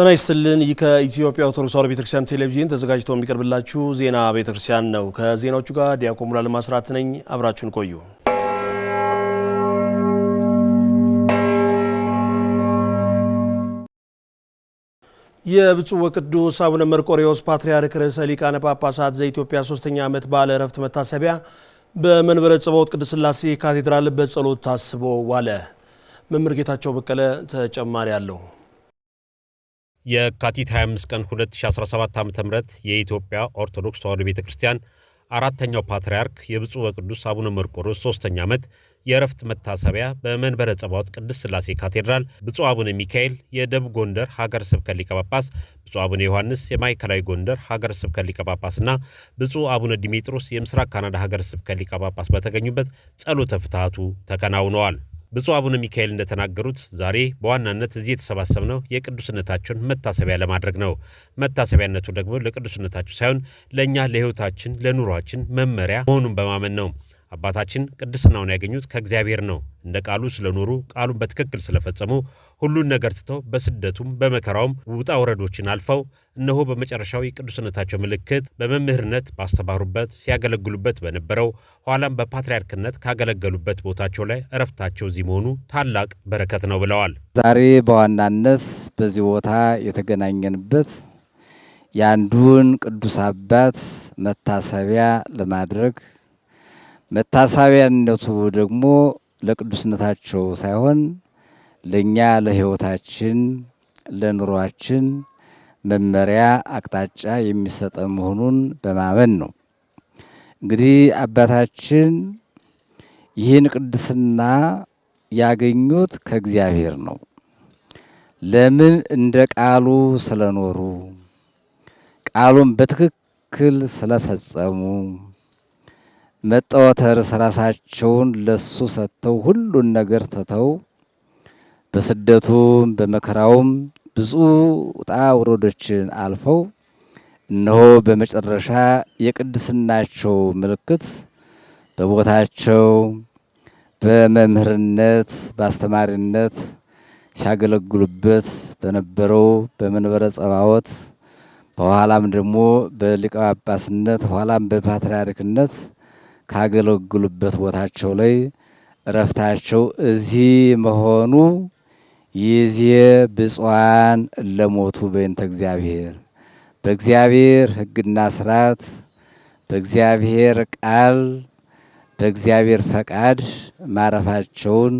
ጤና ይስጥልን። ይህ ከኢትዮጵያ ኦርቶዶክስ ተዋሕዶ ቤተክርስቲያን ቴሌቪዥን ተዘጋጅቶ የሚቀርብላችሁ ዜና ቤተክርስቲያን ነው። ከዜናዎቹ ጋር ዲያቆን ሙሉዓለም ነኝ። አብራችሁን ቆዩ። የብፁዕ ወቅዱስ አቡነ መርቆሬዎስ ፓትርያርክ ርዕሰ ሊቃነ ጳጳሳት ዘኢትዮጵያ ሶስተኛ ዓመት በዓለ እረፍት መታሰቢያ በመንበረ ጸባዖት ቅድስት ሥላሴ ካቴድራል በጸሎት ታስቦ ዋለ። መምህር ጌታቸው በቀለ ተጨማሪ አለው። የካቲት 25 ቀን 2017 ዓ ም የኢትዮጵያ ኦርቶዶክስ ተዋሕዶ ቤተ ክርስቲያን አራተኛው ፓትርያርክ የብፁዕ ወቅዱስ አቡነ መርቆሮስ ሦስተኛ ዓመት የእረፍት መታሰቢያ በመንበረ ጸባዖት ቅድስት ሥላሴ ካቴድራል ብፁዕ አቡነ ሚካኤል የደቡብ ጎንደር ሀገር ስብከት ሊቀ ጳጳስ፣ ብፁዕ አቡነ ዮሐንስ የማዕከላዊ ጎንደር ሀገር ስብከት ሊቀ ጳጳስና ብፁዕ አቡነ ዲሜጥሮስ የምስራቅ ካናዳ ሀገር ስብከት ሊቀ ጳጳስ በተገኙበት ጸሎተ ፍትሐቱ ተከናውነዋል። ብፁዕ አቡነ ሚካኤል እንደተናገሩት ዛሬ በዋናነት እዚህ የተሰባሰብነው የቅዱስነታቸውን መታሰቢያ ለማድረግ ነው። መታሰቢያነቱ ደግሞ ለቅዱስነታቸው ሳይሆን ለእኛ ለሕይወታችን ለኑሯችን መመሪያ መሆኑን በማመን ነው። አባታችን ቅድስናውን ያገኙት ከእግዚአብሔር ነው። እንደ ቃሉ ስለኖሩ ቃሉን በትክክል ስለፈጸሙ ሁሉን ነገር ትተው በስደቱም በመከራውም ውጣ ውረዶችን አልፈው እነሆ በመጨረሻው የቅዱስነታቸው ምልክት በመምህርነት ባስተማሩበት ሲያገለግሉበት በነበረው ኋላም በፓትርያርክነት ካገለገሉበት ቦታቸው ላይ እረፍታቸው እዚህ መሆኑ ታላቅ በረከት ነው ብለዋል። ዛሬ በዋናነት በዚህ ቦታ የተገናኘንበት የአንዱን ቅዱስ አባት መታሰቢያ ለማድረግ መታሰቢያነቱ ደግሞ ለቅዱስነታቸው ሳይሆን ለእኛ ለሕይወታችን ለኑሯችን መመሪያ አቅጣጫ የሚሰጠ መሆኑን በማመን ነው። እንግዲህ አባታችን ይህን ቅድስና ያገኙት ከእግዚአብሔር ነው። ለምን? እንደ ቃሉ ስለኖሩ፣ ቃሉን በትክክል ስለፈጸሙ መጠው ራሳቸውን ለሱ ሰጥተው ሁሉን ነገር ትተው በስደቱም በመከራውም ብዙ ውጣ ውረዶችን አልፈው እነሆ በመጨረሻ የቅድስናቸው ምልክት በቦታቸው በመምህርነት በአስተማሪነት ሲያገለግሉበት በነበረው በመንበረ ጸባዖት በኋላም ደግሞ በሊቀ ጳጳስነት በኋላም በፓትርያርክነት ካገለግሉበት ቦታቸው ላይ እረፍታቸው እዚህ መሆኑ ይዜ ብፁዓን ለሞቱ በእንተ እግዚአብሔር በእግዚአብሔር ሕግና ስርዓት በእግዚአብሔር ቃል በእግዚአብሔር ፈቃድ ማረፋቸውን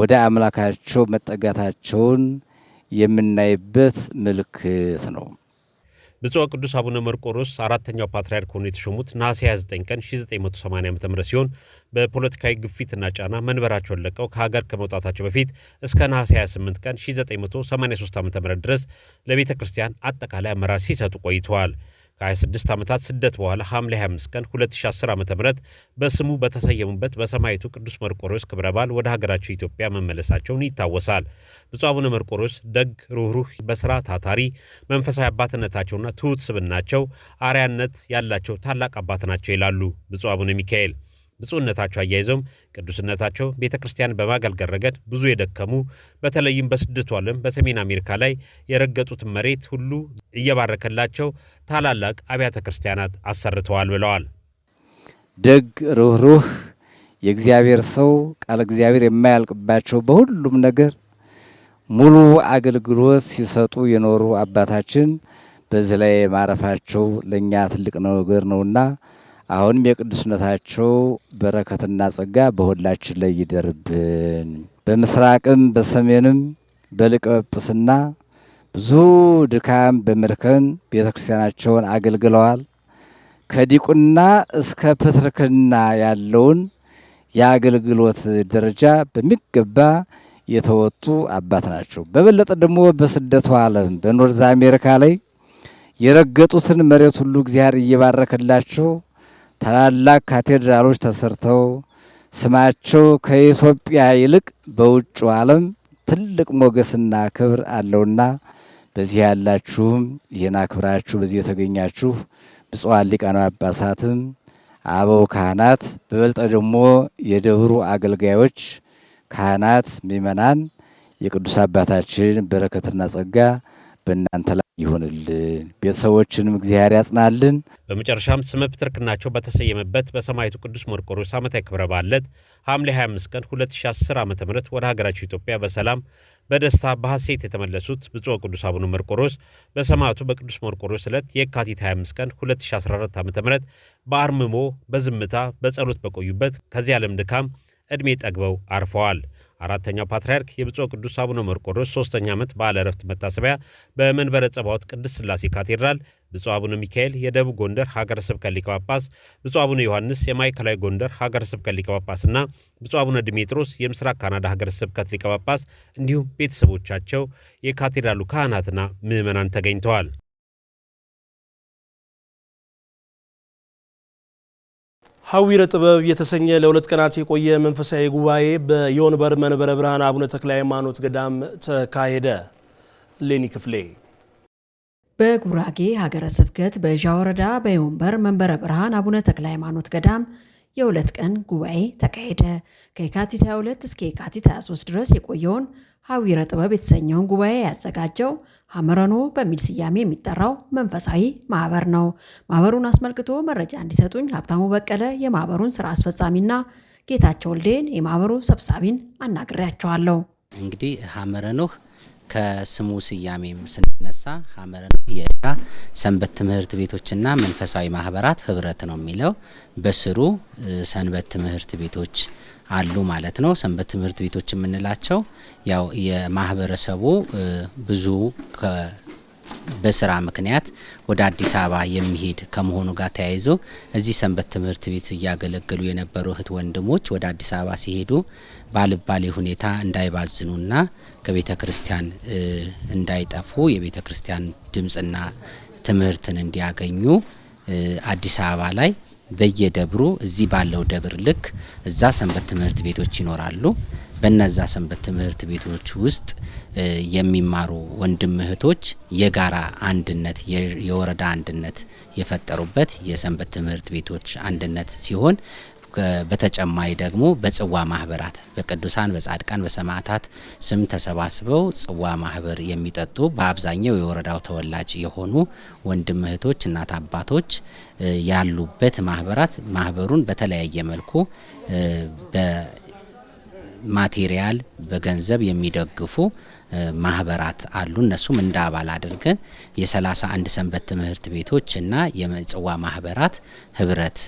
ወደ አምላካቸው መጠጋታቸውን የምናይበት ምልክት ነው። ብፁዕ ቅዱስ አቡነ መርቆሮስ አራተኛው ፓትርያርክ ሆነው የተሾሙት ነሐሴ 29 ቀን 1980 ዓ ም ሲሆን በፖለቲካዊ ግፊትና ጫና መንበራቸውን ለቀው ከሀገር ከመውጣታቸው በፊት እስከ ነሐሴ 28 ቀን 1983 ዓ ም ድረስ ለቤተ ክርስቲያን አጠቃላይ አመራር ሲሰጡ ቆይተዋል። ከ26 ዓመታት ስደት በኋላ ሐምሌ 25 ቀን 2010 ዓ ም በስሙ በተሰየሙበት በሰማይቱ ቅዱስ መርቆሮስ ክብረ በዓል ወደ ሀገራቸው ኢትዮጵያ መመለሳቸውን ይታወሳል። ብፁዕ አቡነ መርቆሮስ ደግ፣ ሩኅሩህ፣ በሥራ ታታሪ፣ መንፈሳዊ አባትነታቸውና ትሑት ስብናቸው አርያነት ያላቸው ታላቅ አባት ናቸው ይላሉ ብፁዕ አቡነ ሚካኤል። ብፁዕነታቸው አያይዘውም ቅዱስነታቸው ቤተ ክርስቲያን በማገልገል ረገድ ብዙ የደከሙ በተለይም በስደቱ ዓለም በሰሜን አሜሪካ ላይ የረገጡት መሬት ሁሉ እየባረከላቸው ታላላቅ አብያተ ክርስቲያናት አሰርተዋል ብለዋል። ደግ፣ ሩህሩህ የእግዚአብሔር ሰው ቃለ እግዚአብሔር የማያልቅባቸው በሁሉም ነገር ሙሉ አገልግሎት ሲሰጡ የኖሩ አባታችን በዚህ ላይ ማረፋቸው ለእኛ ትልቅ ነገር ነውና አሁንም የቅዱስነታቸው በረከትና ጸጋ በሁላችን ላይ ይደርብን። በምስራቅም በሰሜንም በሊቀ ጵጵስና ብዙ ድካም በመድከም ቤተ ክርስቲያናቸውን አገልግለዋል። ከዲቁና እስከ ፕትርክና ያለውን የአገልግሎት ደረጃ በሚገባ የተወጡ አባት ናቸው። በበለጠ ደግሞ በስደቱ ዓለም በኖርዝ አሜሪካ ላይ የረገጡትን መሬት ሁሉ እግዚአብሔር እየባረከላቸው ታላላቅ ካቴድራሎች ተሰርተው ስማቸው ከኢትዮጵያ ይልቅ በውጭ ዓለም ትልቅ ሞገስና ክብር አለውና በዚህ ያላችሁም ይህን አክብራችሁ በዚህ የተገኛችሁ ብፁዓን ሊቃነ ጳጳሳትም አበው ካህናት፣ በበልጠ ደግሞ የደብሩ አገልጋዮች ካህናት፣ ምእመናን የቅዱስ አባታችን በረከትና ጸጋ በእናንተ ይሁንልን ቤተሰቦችንም እግዚአብሔር ያጽናልን። በመጨረሻም ስመ ፕትርክናቸው በተሰየመበት በሰማዕቱ ቅዱስ መርቆሬዎስ ዓመታዊ ክብረ በዓል ሐምሌ 25 ቀን 2010 ዓ ም ወደ ሀገራቸው ኢትዮጵያ በሰላም በደስታ በሐሴት የተመለሱት ብፁዕ ቅዱስ አቡነ መርቆሬዎስ በሰማዕቱ በቅዱስ መርቆሬዎስ ዕለት የካቲት 25 ቀን 2014 ዓ ም በአርምሞ በዝምታ በጸሎት በቆዩበት ከዚህ ዓለም ድካም ዕድሜ ጠግበው አርፈዋል። አራተኛው ፓትርያርክ የብፁዕ ቅዱስ አቡነ መርቆሮስ ሶስተኛ ዓመት በዓለ ዕረፍት መታሰቢያ በመንበረ ጸባዖት ቅድስት ሥላሴ ካቴድራል፣ ብፁዕ አቡነ ሚካኤል የደቡብ ጎንደር ሀገረ ስብከት ሊቀ ጳጳስ፣ ብፁዕ አቡነ ዮሐንስ የማዕከላዊ ጎንደር ሀገረ ስብከት ሊቀ ጳጳስና ብፁዕ አቡነ ድሜጥሮስ የምስራቅ ካናዳ ሀገረ ስብከት ሊቀ ጳጳስ እንዲሁም ቤተሰቦቻቸው የካቴድራሉ ካህናትና ምዕመናን ተገኝተዋል። ሐዊረ ጥበብ የተሰኘ ለሁለት ቀናት የቆየ መንፈሳዊ ጉባኤ በየወንበር መንበረ ብርሃን አቡነ ተክለ ሃይማኖት ገዳም ተካሄደ። ሌኒ ክፍሌ በጉራጌ ሀገረ ስብከት በዣ ወረዳ በየወንበር መንበረ ብርሃን አቡነ ተክለ ሃይማኖት ገዳም የሁለት ቀን ጉባኤ ተካሄደ። ከየካቲት 22 እስከ የካቲት 23 ድረስ የቆየውን ሐዊረ ጥበብ የተሰኘውን ጉባኤ ያዘጋጀው ሐመረኖ በሚል ስያሜ የሚጠራው መንፈሳዊ ማህበር ነው። ማህበሩን አስመልክቶ መረጃ እንዲሰጡኝ ሀብታሙ በቀለ የማህበሩን ስራ አስፈጻሚና ጌታቸው ወልዴን የማህበሩ ሰብሳቢን አናግሬያቸዋለሁ። እንግዲህ ሐመረኖህ ከስሙ ስያሜም ስንነሳ ሐመረኖህ የዳ ሰንበት ትምህርት ቤቶችና መንፈሳዊ ማህበራት ህብረት ነው የሚለው በስሩ ሰንበት ትምህርት ቤቶች አሉ ማለት ነው። ሰንበት ትምህርት ቤቶች የምንላቸው ያው የማህበረሰቡ ብዙ በስራ ምክንያት ወደ አዲስ አበባ የሚሄድ ከመሆኑ ጋር ተያይዞ እዚህ ሰንበት ትምህርት ቤት እያገለገሉ የነበሩ እህት ወንድሞች ወደ አዲስ አበባ ሲሄዱ ባልባሌ ሁኔታ እንዳይባዝኑና ከቤተ ክርስቲያን እንዳይጠፉ የቤተ ክርስቲያን ድምፅና ትምህርትን እንዲያገኙ አዲስ አበባ ላይ በየደብሩ እዚህ ባለው ደብር ልክ እዛ ሰንበት ትምህርት ቤቶች ይኖራሉ። በነዛ ሰንበት ትምህርት ቤቶች ውስጥ የሚማሩ ወንድም እህቶች የጋራ አንድነት የወረዳ አንድነት የፈጠሩበት የሰንበት ትምህርት ቤቶች አንድነት ሲሆን በተጨማሪ ደግሞ በጽዋ ማህበራት በቅዱሳን በጻድቃን በሰማዕታት ስም ተሰባስበው ጽዋ ማህበር የሚጠጡ በአብዛኛው የወረዳው ተወላጅ የሆኑ ወንድም እህቶች፣ እናት አባቶች ያሉበት ማህበራት ማህበሩን በተለያየ መልኩ በማቴሪያል በገንዘብ የሚደግፉ ማህበራት አሉ። እነሱም እንደ አባል አድርገን የሰላሳ አንድ ሰንበት ትምህርት ቤቶች እና የጽዋ ማህበራት ህብረት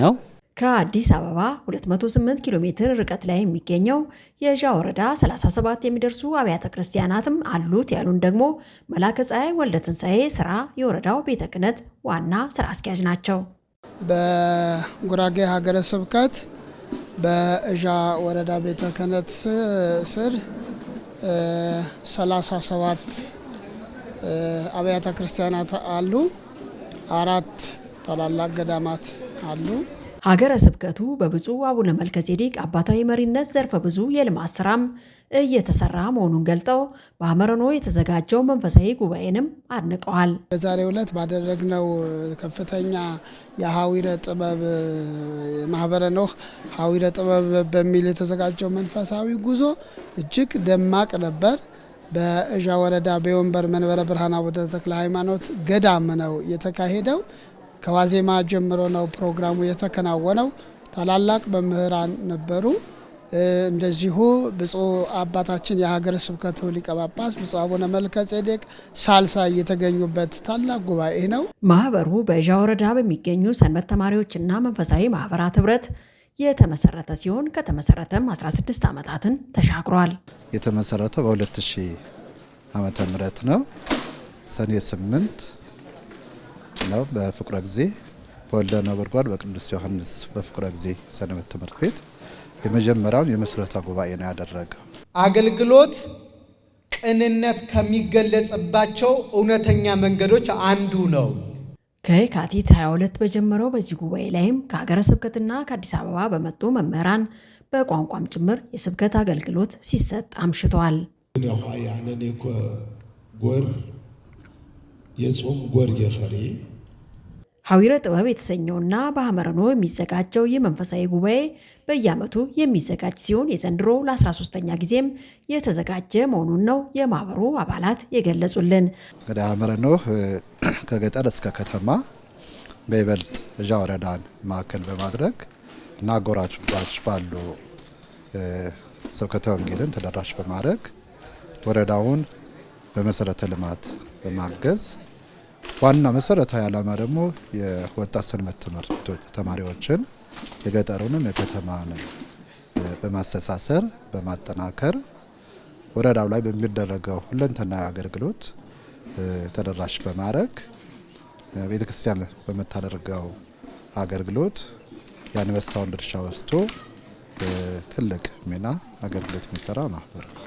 ነው። ከአዲስ አበባ 208 ኪሎ ሜትር ርቀት ላይ የሚገኘው የዣ ወረዳ 37 የሚደርሱ አብያተ ክርስቲያናትም አሉት ያሉን ደግሞ መላከ ፀሐይ ወልደ ትንሣኤ ስራ የወረዳው ቤተ ክህነት ዋና ስራ አስኪያጅ ናቸው። በጉራጌ ሀገረ ስብከት በእዣ ወረዳ ቤተ ክህነት ስር 37 አብያተ ክርስቲያናት አሉ። አራት ታላላቅ ገዳማት አሉ። ሀገረ ስብከቱ በብፁዕ አቡነ መልከጼዴቅ አባታዊ መሪነት ዘርፈ ብዙ የልማት ስራም እየተሰራ መሆኑን ገልጠው በአመረኖ የተዘጋጀው መንፈሳዊ ጉባኤንም አድንቀዋል። በዛሬው ዕለት ባደረግነው ከፍተኛ የሐዊረ ጥበብ ማህበረ ኖህ ሐዊረ ጥበብ በሚል የተዘጋጀው መንፈሳዊ ጉዞ እጅግ ደማቅ ነበር። በእዣ ወረዳ በወንበር መንበረ ብርሃን አቡነ ተክለ ሃይማኖት ገዳም ነው የተካሄደው። ከዋዜማ ጀምሮ ነው ፕሮግራሙ የተከናወነው። ታላላቅ መምህራን ነበሩ። እንደዚሁ ብፁዕ አባታችን የሀገረ ስብከቱ ሊቀ ጳጳስ ብፁዕ አቡነ መልከ ጼዴቅ ሳልሳ የተገኙበት ታላቅ ጉባኤ ነው። ማህበሩ በዣ ወረዳ በሚገኙ ሰንበት ተማሪዎችና መንፈሳዊ ማህበራት ህብረት የተመሰረተ ሲሆን ከተመሰረተም 16 ዓመታትን ተሻግሯል። የተመሰረተው በ2000 ዓመተ ምህረት ነው ሰኔ 8 ነው። በፍቁረ ጊዜ በወልደ ነጎድጓድ በቅዱስ ዮሐንስ በፍቁረ ጊዜ ሰንበት ትምህርት ቤት የመጀመሪያውን የመስረታ ጉባኤ ነው ያደረገ አገልግሎት ቅንነት ከሚገለጽባቸው እውነተኛ መንገዶች አንዱ ነው። ከየካቲት 22 በጀመረው በዚህ ጉባኤ ላይም ከሀገረ ስብከትና ከአዲስ አበባ በመጡ መምህራን በቋንቋም ጭምር የስብከት አገልግሎት ሲሰጥ አምሽተዋል። የጾም ጎር የኸሬ ሐዊረ ጥበብ የተሰኘውና በሐመረኖ የሚዘጋጀው የመንፈሳዊ ጉባኤ በየዓመቱ የሚዘጋጅ ሲሆን የዘንድሮ ለ13ኛ ጊዜም የተዘጋጀ መሆኑን ነው የማህበሩ አባላት የገለጹልን። እንግዲህ ሐመረኖ ከገጠር እስከ ከተማ በይበልጥ እዣ ወረዳን ማዕከል በማድረግ እና አጎራባች ባሉ ስብከተ ወንጌልን ተደራሽ በማድረግ ወረዳውን በመሰረተ ልማት በማገዝ ዋና መሰረታዊ ዓላማ ደግሞ የወጣት ሰንበት ትምህርት ተማሪዎችን የገጠሩንም የከተማንም በማስተሳሰር በማጠናከር ወረዳው ላይ በሚደረገው ሁለንተናዊ አገልግሎት ተደራሽ በማድረግ ቤተክርስቲያን በምታደርገው አገልግሎት የአንበሳውን ድርሻ ወስዶ ትልቅ ሚና አገልግሎት የሚሰራ ማህበር ነው።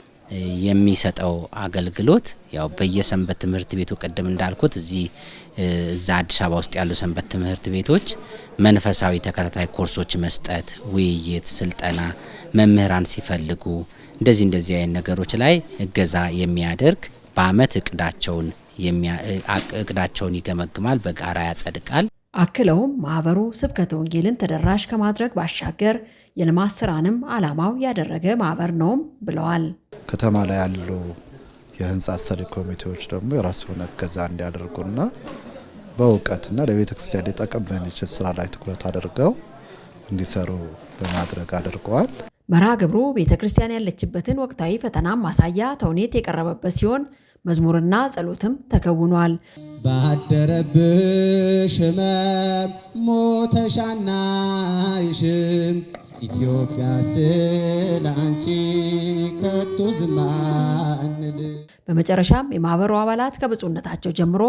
የሚሰጠው አገልግሎት ያው በየሰንበት ትምህርት ቤቱ ቅድም እንዳልኩት እዚህ እዛ አዲስ አበባ ውስጥ ያሉ ሰንበት ትምህርት ቤቶች መንፈሳዊ ተከታታይ ኮርሶች መስጠት፣ ውይይት፣ ስልጠና መምህራን ሲፈልጉ እንደዚህ እንደዚህ አይነት ነገሮች ላይ እገዛ የሚያደርግ በአመት እቅዳቸውን እቅዳቸውን ይገመግማል፣ በጋራ ያጸድቃል። አክለውም ማህበሩ ስብከተ ወንጌልን ተደራሽ ከማድረግ ባሻገር የልማት ስራንም ዓላማው ያደረገ ማህበር ነውም ብለዋል። ከተማ ላይ ያሉ የህንፃ አሰሪ ኮሚቴዎች ደግሞ የራሱ የሆነ እገዛ እንዲያደርጉና በእውቀትና ለቤተ ክርስቲያን ሊጠቅም በሚችል ስራ ላይ ትኩረት አድርገው እንዲሰሩ በማድረግ አድርገዋል። መርሃ ግብሩ ቤተ ክርስቲያን ያለችበትን ወቅታዊ ፈተና ማሳያ ተውኔት የቀረበበት ሲሆን መዝሙርና ጸሎትም ተከውኗል። ባደረብሽ ሕመም ሞተሻና ይሽም ኢትዮጵያ ስለ አንቺ ከቶ በመጨረሻም የማህበሩ አባላት ከብፁዕነታቸው ጀምሮ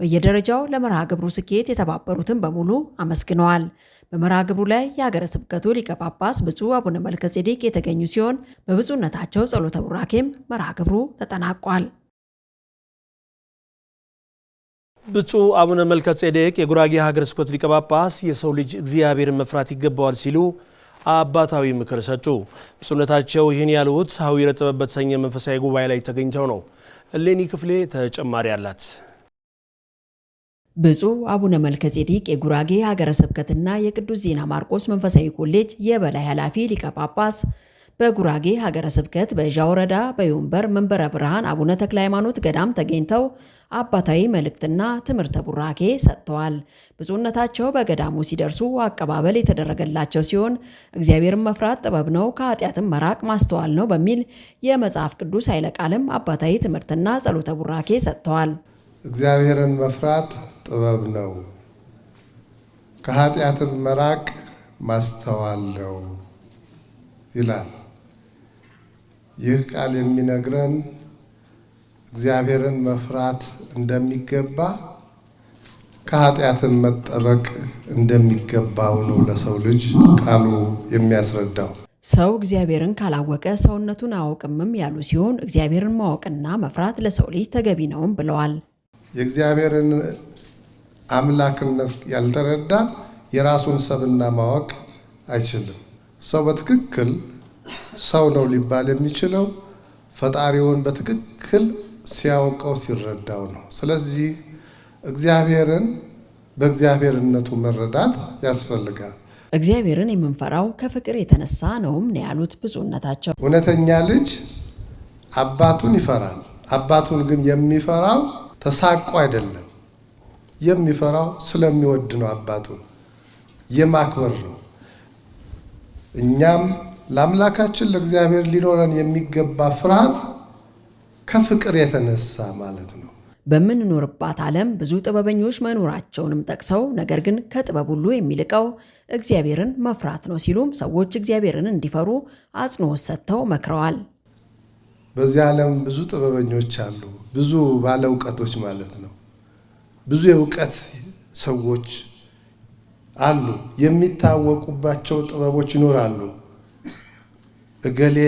በየደረጃው ለመርሃ ግብሩ ስኬት የተባበሩትን በሙሉ አመስግነዋል። በመርሃ ግብሩ ላይ የሀገረ ስብከቱ ሊቀ ጳጳስ ብፁዕ አቡነ መልከ ጼዴቅ የተገኙ ሲሆን በብፁዕነታቸው ጸሎተ ቡራኬም መርሃ ግብሩ ተጠናቋል። ብፁዕ አቡነ መልከ ጼዴቅ የጉራጌ ሀገረ ስብከቱ ሊቀ ጳጳስ የሰው ልጅ እግዚአብሔርን መፍራት ይገባዋል ሲሉ አባታዊ ምክር ሰጡ። ብፁዕነታቸው ይህን ያሉት ሀዊረ ጥበብ በተሰኘ መንፈሳዊ ጉባኤ ላይ ተገኝተው ነው። እሌኒ ክፍሌ ተጨማሪ አላት። ብፁዕ አቡነ መልከጼዴቅ የጉራጌ ሀገረ ስብከትና የቅዱስ ዜና ማርቆስ መንፈሳዊ ኮሌጅ የበላይ ኃላፊ ሊቀ ጳጳስ በጉራጌ ሀገረ ስብከት በዣውረዳ ወረዳ መንበረ ብርሃን አቡነ ተክለ ሃይማኖት ገዳም ተገኝተው አባታዊ መልእክትና ትምህርተ ቡራኬ ሰጥተዋል። ብፁዕነታቸው በገዳሙ ሲደርሱ አቀባበል የተደረገላቸው ሲሆን እግዚአብሔርን መፍራት ጥበብ ነው፣ ከኃጢአትም መራቅ ማስተዋል ነው በሚል የመጽሐፍ ቅዱስ ኃይለ ቃልም አባታዊ ትምህርትና ጸሎተ ቡራኬ ሰጥተዋል። እግዚአብሔርን መፍራት ጥበብ ነው፣ ከኃጢአትም መራቅ ማስተዋል ነው ይላል። ይህ ቃል የሚነግረን እግዚአብሔርን መፍራት እንደሚገባ ከኃጢአትን መጠበቅ እንደሚገባው ነው ለሰው ልጅ ቃሉ የሚያስረዳው። ሰው እግዚአብሔርን ካላወቀ ሰውነቱን አያውቅምም ያሉ ሲሆን እግዚአብሔርን ማወቅና መፍራት ለሰው ልጅ ተገቢ ነውም ብለዋል። የእግዚአብሔርን አምላክነት ያልተረዳ የራሱን ሰብና ማወቅ አይችልም። ሰው በትክክል ሰው ነው ሊባል የሚችለው ፈጣሪውን በትክክል ሲያውቀው ሲረዳው ነው። ስለዚህ እግዚአብሔርን በእግዚአብሔርነቱ መረዳት ያስፈልጋል። እግዚአብሔርን የምንፈራው ከፍቅር የተነሳ ነውም ነው ያሉት ብፁዕነታቸው። እውነተኛ ልጅ አባቱን ይፈራል። አባቱን ግን የሚፈራው ተሳቆ አይደለም። የሚፈራው ስለሚወድ ነው። አባቱን የማክበር ነው። እኛም ለአምላካችን ለእግዚአብሔር ሊኖረን የሚገባ ፍርሃት ከፍቅር የተነሳ ማለት ነው። በምንኖርባት ዓለም ብዙ ጥበበኞች መኖራቸውንም ጠቅሰው ነገር ግን ከጥበብ ሁሉ የሚልቀው እግዚአብሔርን መፍራት ነው ሲሉም ሰዎች እግዚአብሔርን እንዲፈሩ አጽንኦት ሰጥተው መክረዋል። በዚህ ዓለም ብዙ ጥበበኞች አሉ፣ ብዙ ባለ እውቀቶች ማለት ነው። ብዙ የእውቀት ሰዎች አሉ፣ የሚታወቁባቸው ጥበቦች ይኖራሉ። እገሌ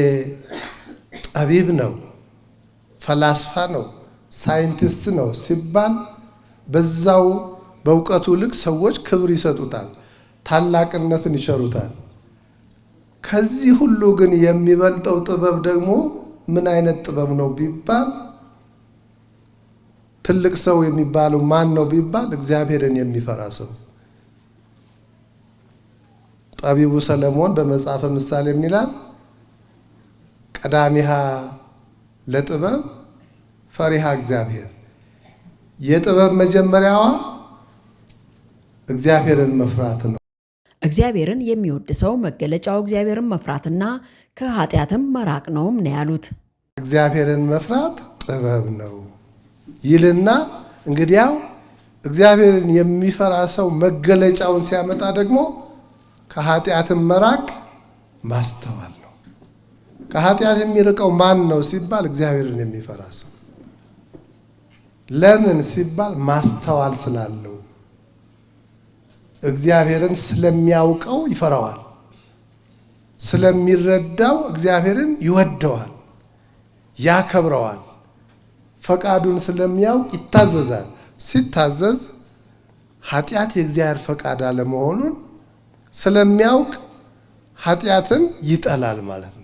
ጠቢብ ነው ፈላስፋ ነው፣ ሳይንቲስት ነው ሲባል በዛው በእውቀቱ ልክ ሰዎች ክብር ይሰጡታል፣ ታላቅነትን ይቸሩታል። ከዚህ ሁሉ ግን የሚበልጠው ጥበብ ደግሞ ምን አይነት ጥበብ ነው ቢባል ትልቅ ሰው የሚባለው ማን ነው ቢባል እግዚአብሔርን የሚፈራ ሰው። ጠቢቡ ሰለሞን በመጽሐፈ ምሳሌ የሚላል ቀዳሚሃ ለጥበብ ፈሪሃ እግዚአብሔር የጥበብ መጀመሪያዋ እግዚአብሔርን መፍራት ነው። እግዚአብሔርን የሚወድ ሰው መገለጫው እግዚአብሔርን መፍራትና ከኃጢአትም መራቅ ነውም ነው ያሉት። እግዚአብሔርን መፍራት ጥበብ ነው ይልና እንግዲያው እግዚአብሔርን የሚፈራ ሰው መገለጫውን ሲያመጣ ደግሞ ከኃጢአትም መራቅ ማስተዋል ነው። ከኃጢአት የሚርቀው ማን ነው ሲባል እግዚአብሔርን የሚፈራ ሰው ለምን ሲባል ማስተዋል ስላለው እግዚአብሔርን ስለሚያውቀው ይፈራዋል፣ ስለሚረዳው እግዚአብሔርን ይወደዋል፣ ያከብረዋል። ፈቃዱን ስለሚያውቅ ይታዘዛል። ሲታዘዝ ኃጢአት የእግዚአብሔር ፈቃድ አለመሆኑን ስለሚያውቅ ኃጢአትን ይጠላል ማለት ነው።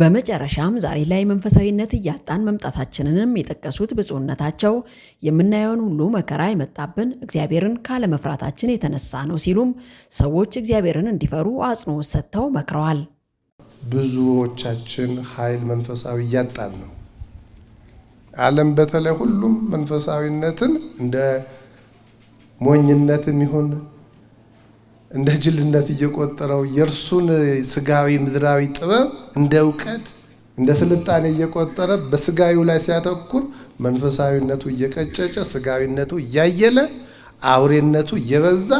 በመጨረሻም ዛሬ ላይ መንፈሳዊነት እያጣን መምጣታችንንም የጠቀሱት ብፁዕነታቸው የምናየውን ሁሉ መከራ የመጣብን እግዚአብሔርን ካለመፍራታችን የተነሳ ነው ሲሉም ሰዎች እግዚአብሔርን እንዲፈሩ አጽኖ ሰጥተው መክረዋል። ብዙዎቻችን ኃይል መንፈሳዊ እያጣን ነው። ዓለም በተለይ ሁሉም መንፈሳዊነትን እንደ ሞኝነት የሚሆን እንደ ጅልነት እየቆጠረው የእርሱን ስጋዊ ምድራዊ ጥበብ እንደ እውቀት እንደ ስልጣኔ እየቆጠረ በስጋዊው ላይ ሲያተኩር መንፈሳዊነቱ እየቀጨጨ ስጋዊነቱ እያየለ አውሬነቱ እየበዛ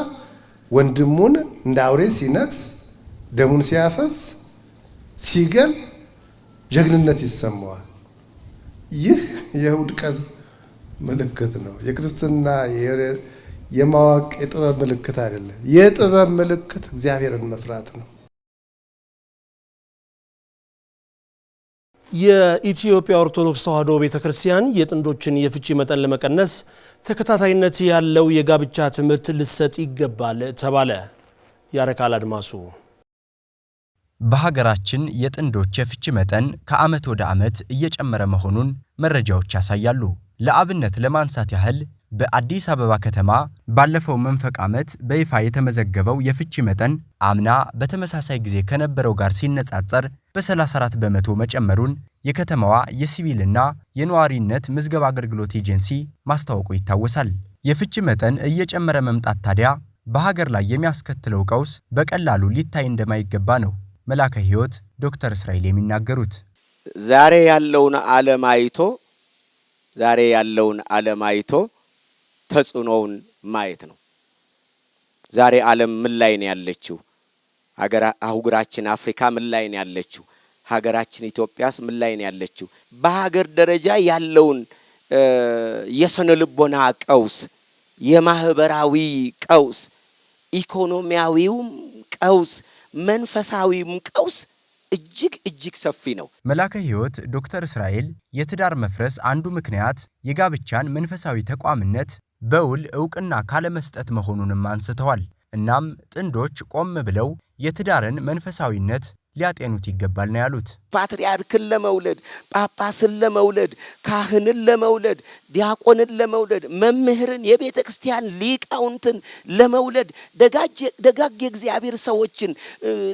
ወንድሙን እንደ አውሬ ሲነክስ ደሙን ሲያፈስ ሲገል ጀግንነት ይሰማዋል። ይህ የውድቀት ምልክት ነው። የክርስትና የማወቅ የጥበብ ምልክት አይደለም። የጥበብ ምልክት እግዚአብሔርን መፍራት ነው። የኢትዮጵያ ኦርቶዶክስ ተዋሕዶ ቤተ ክርስቲያን የጥንዶችን የፍቺ መጠን ለመቀነስ ተከታታይነት ያለው የጋብቻ ትምህርት ልሰጥ ይገባል ተባለ። ያረካል አድማሱ በሀገራችን የጥንዶች የፍቺ መጠን ከዓመት ወደ ዓመት እየጨመረ መሆኑን መረጃዎች ያሳያሉ። ለአብነት ለማንሳት ያህል በአዲስ አበባ ከተማ ባለፈው መንፈቅ ዓመት በይፋ የተመዘገበው የፍቺ መጠን አምና በተመሳሳይ ጊዜ ከነበረው ጋር ሲነጻጸር በ34 በመቶ መጨመሩን የከተማዋ የሲቪልና የነዋሪነት ምዝገባ አገልግሎት ኤጀንሲ ማስታወቁ ይታወሳል። የፍቺ መጠን እየጨመረ መምጣት ታዲያ በሀገር ላይ የሚያስከትለው ቀውስ በቀላሉ ሊታይ እንደማይገባ ነው መላከ ሕይወት ዶክተር እስራኤል የሚናገሩት። ዛሬ ያለውን ዓለም አይቶ ዛሬ ያለውን ዓለም አይቶ ተጽዕኖውን ማየት ነው። ዛሬ ዓለም ምን ላይ ነው ያለችው? አህጉራችን አፍሪካ ምን ላይ ነው ያለችው? ሀገራችን ኢትዮጵያስ ምን ላይ ነው ያለችው? በሀገር ደረጃ ያለውን የስነ ልቦና ቀውስ፣ የማህበራዊ ቀውስ፣ ኢኮኖሚያዊውም ቀውስ፣ መንፈሳዊውም ቀውስ እጅግ እጅግ ሰፊ ነው። መላከ ሕይወት ዶክተር እስራኤል የትዳር መፍረስ አንዱ ምክንያት የጋብቻን መንፈሳዊ ተቋምነት በውል እውቅና ካለመስጠት መሆኑንም አንስተዋል። እናም ጥንዶች ቆም ብለው የትዳርን መንፈሳዊነት ሊያጤኑት ይገባል ነው ያሉት። ፓትርያርክን ለመውለድ፣ ጳጳስን ለመውለድ፣ ካህንን ለመውለድ፣ ዲያቆንን ለመውለድ፣ መምህርን፣ የቤተ ክርስቲያን ሊቃውንትን ለመውለድ፣ ደጋግ የእግዚአብሔር ሰዎችን፣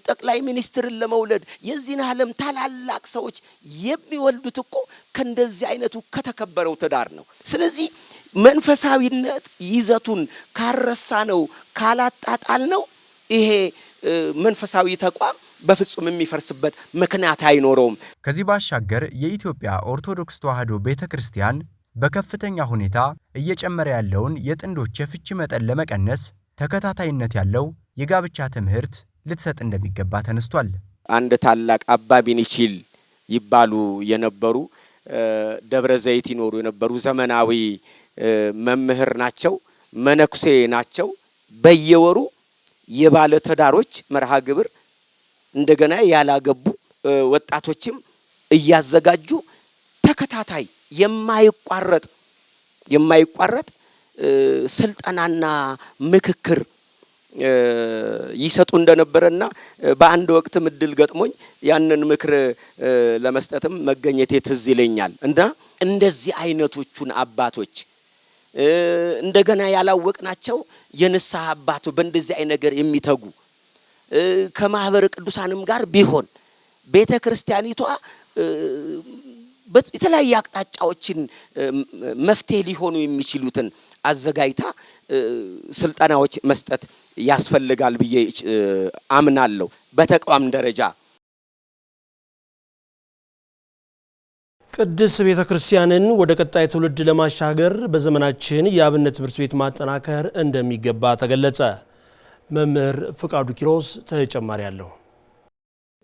ጠቅላይ ሚኒስትርን ለመውለድ የዚህን ዓለም ታላላቅ ሰዎች የሚወልዱት እኮ ከእንደዚህ አይነቱ ከተከበረው ትዳር ነው። ስለዚህ መንፈሳዊነት ይዘቱን ካረሳ ነው ካላጣጣል ነው ይሄ መንፈሳዊ ተቋም በፍጹም የሚፈርስበት ምክንያት አይኖረውም። ከዚህ ባሻገር የኢትዮጵያ ኦርቶዶክስ ተዋሕዶ ቤተ ክርስቲያን በከፍተኛ ሁኔታ እየጨመረ ያለውን የጥንዶች የፍቺ መጠን ለመቀነስ ተከታታይነት ያለው የጋብቻ ትምህርት ልትሰጥ እንደሚገባ ተነስቷል። አንድ ታላቅ አባ ቢኒችል ይባሉ የነበሩ ደብረ ዘይት ይኖሩ የነበሩ ዘመናዊ መምህር ናቸው፣ መነኩሴ ናቸው። በየወሩ የባለ ትዳሮች መርሃ ግብር እንደገና ያላገቡ ወጣቶችም እያዘጋጁ ተከታታይ የማይቋረጥ የማይቋረጥ ስልጠናና ምክክር ይሰጡ እንደነበረና በአንድ ወቅትም እድል ገጥሞኝ ያንን ምክር ለመስጠትም መገኘቴ ትዝ ይለኛል እና እንደዚህ አይነቶቹን አባቶች እንደገና ያላወቅናቸው የንስሐ አባቱ በእንደዚህ አይ ነገር የሚተጉ ከማህበረ ቅዱሳንም ጋር ቢሆን ቤተ ክርስቲያኒቷ የተለያዩ አቅጣጫዎችን መፍትሄ ሊሆኑ የሚችሉትን አዘጋጅታ ስልጠናዎች መስጠት ያስፈልጋል ብዬ አምናለሁ በተቋም ደረጃ ቅድስት ቤተ ክርስቲያንን ወደ ቀጣይ ትውልድ ለማሻገር በዘመናችን የአብነት ትምህርት ቤት ማጠናከር እንደሚገባ ተገለጸ። መምህር ፍቃዱ ኪሮስ ተጨማሪ አለው።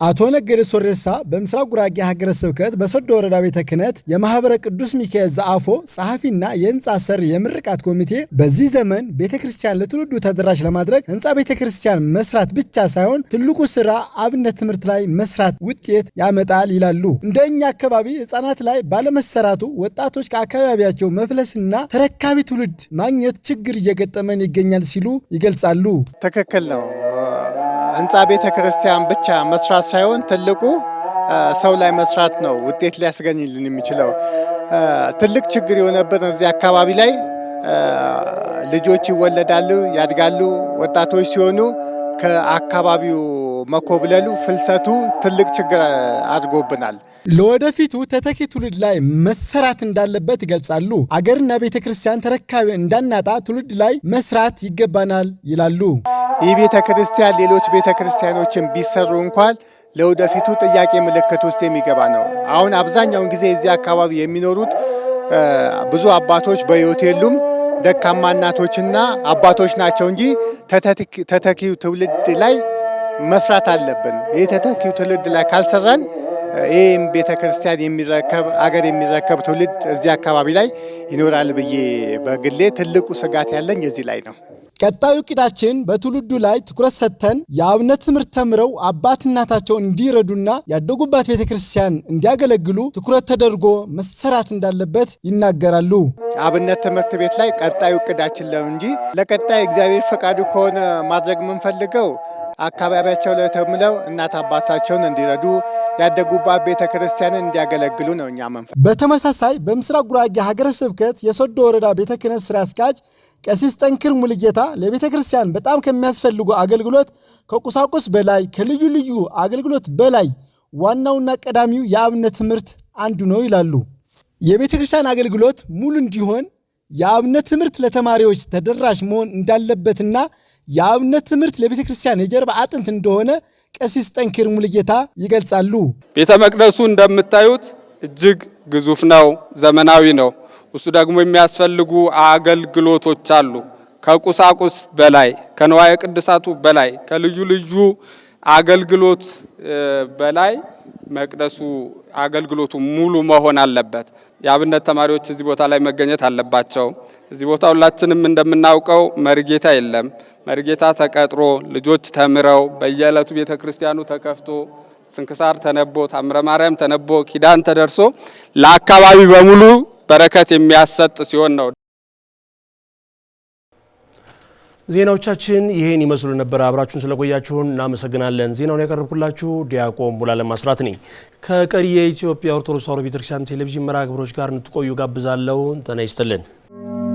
አቶ ነገደ ሶሬሳ በምስራቅ ጉራጌ ሀገረ ስብከት በሶዶ ወረዳ ቤተ ክህነት የማህበረ ቅዱስ ሚካኤል ዘአፎ ጸሐፊና የህንፃ ሰሪ የምርቃት ኮሚቴ በዚህ ዘመን ቤተ ክርስቲያን ለትውልዱ ተደራሽ ለማድረግ ህንፃ ቤተ ክርስቲያን መስራት ብቻ ሳይሆን ትልቁ ስራ አብነት ትምህርት ላይ መስራት ውጤት ያመጣል ይላሉ። እንደ እኛ አካባቢ ህፃናት ላይ ባለመሰራቱ ወጣቶች ከአካባቢያቸው መፍለስና ተረካቢ ትውልድ ማግኘት ችግር እየገጠመን ይገኛል ሲሉ ይገልጻሉ። ትክክል ነው። ህንፃ ቤተ ክርስቲያን ብቻ መስራት ሳይሆን ትልቁ ሰው ላይ መስራት ነው ውጤት ሊያስገኝልን የሚችለው። ትልቅ ችግር የሆነብን እዚህ አካባቢ ላይ ልጆች ይወለዳሉ፣ ያድጋሉ። ወጣቶች ሲሆኑ ከአካባቢው መኮብለሉ፣ ፍልሰቱ ትልቅ ችግር አድርጎብናል። ለወደፊቱ ተተኪ ትውልድ ላይ መሰራት እንዳለበት ይገልጻሉ። አገርና ቤተ ክርስቲያን ተረካቢ እንዳናጣ ትውልድ ላይ መስራት ይገባናል ይላሉ። ይህ ቤተ ክርስቲያን ሌሎች ቤተ ክርስቲያኖችን ቢሰሩ እንኳን ለወደፊቱ ጥያቄ ምልክት ውስጥ የሚገባ ነው። አሁን አብዛኛውን ጊዜ እዚህ አካባቢ የሚኖሩት ብዙ አባቶች በሕይወት የሉም። ደካማ እናቶችና አባቶች ናቸው እንጂ ተተኪው ትውልድ ላይ መስራት አለብን። ይህ ተተኪው ትውልድ ላይ ካልሰራን ይህም ቤተ ክርስቲያን የሚረከብ አገር የሚረከብ ትውልድ እዚህ አካባቢ ላይ ይኖራል ብዬ በግሌ ትልቁ ስጋት ያለኝ እዚህ ላይ ነው። ቀጣዩ እቅዳችን በትውልዱ ላይ ትኩረት ሰጥተን የአብነት ትምህርት ተምረው አባት እናታቸው እንዲረዱና ያደጉባት ቤተ ክርስቲያን እንዲያገለግሉ ትኩረት ተደርጎ መሰራት እንዳለበት ይናገራሉ። አብነት ትምህርት ቤት ላይ ቀጣዩ እቅዳችን ነው እንጂ ለቀጣይ እግዚአብሔር ፈቃዱ ከሆነ ማድረግ የምንፈልገው አካባቢያቸው ላይ ተምለው እናት አባታቸውን እንዲረዱ ያደጉባት ቤተ ክርስቲያንን እንዲያገለግሉ ነው እኛ መንፈ በተመሳሳይ በምስራቅ ጉራጌ ሀገረ ስብከት የሶዶ ወረዳ ቤተ ክህነት ስራ አስኪያጅ ቀሲስ ጠንክር ሙልጌታ ለቤተ ክርስቲያን በጣም ከሚያስፈልጉ አገልግሎት ከቁሳቁስ በላይ ከልዩ ልዩ አገልግሎት በላይ ዋናውና ቀዳሚው የአብነት ትምህርት አንዱ ነው ይላሉ። የቤተ ክርስቲያን አገልግሎት ሙሉ እንዲሆን የአብነት ትምህርት ለተማሪዎች ተደራሽ መሆን እንዳለበትና የአብነት ትምህርት ለቤተ ክርስቲያን የጀርባ አጥንት እንደሆነ ቀሲስ ጠንክር ሙልጌታ ይገልጻሉ። ቤተ መቅደሱ እንደምታዩት እጅግ ግዙፍ ነው፣ ዘመናዊ ነው። እሱ ደግሞ የሚያስፈልጉ አገልግሎቶች አሉ። ከቁሳቁስ በላይ ከንዋየ ቅድሳቱ በላይ ከልዩ ልዩ አገልግሎት በላይ መቅደሱ አገልግሎቱ ሙሉ መሆን አለበት። የአብነት ተማሪዎች እዚህ ቦታ ላይ መገኘት አለባቸው። እዚህ ቦታ ሁላችንም እንደምናውቀው መርጌታ የለም። መርጌታ ተቀጥሮ ልጆች ተምረው በየዕለቱ ቤተ ክርስቲያኑ ተከፍቶ ስንክሳር ተነቦ ታምረ ማርያም ተነቦ ኪዳን ተደርሶ ለአካባቢ በሙሉ በረከት የሚያሰጥ ሲሆን ነው። ዜናዎቻችን ይህን ይመስሉ ነበር። አብራችሁን ስለቆያችሁን እናመሰግናለን። ዜናውን ያቀረብኩላችሁ ዲያቆን ሙላለም አስራት ነኝ። ከቀሪ የኢትዮጵያ ኦርቶዶክስ ተዋሕዶ ቤተክርስቲያን ቴሌቪዥን መርሃ ግብሮች ጋር እንድትቆዩ ጋብዛለሁ። ጤና ይስጥልን።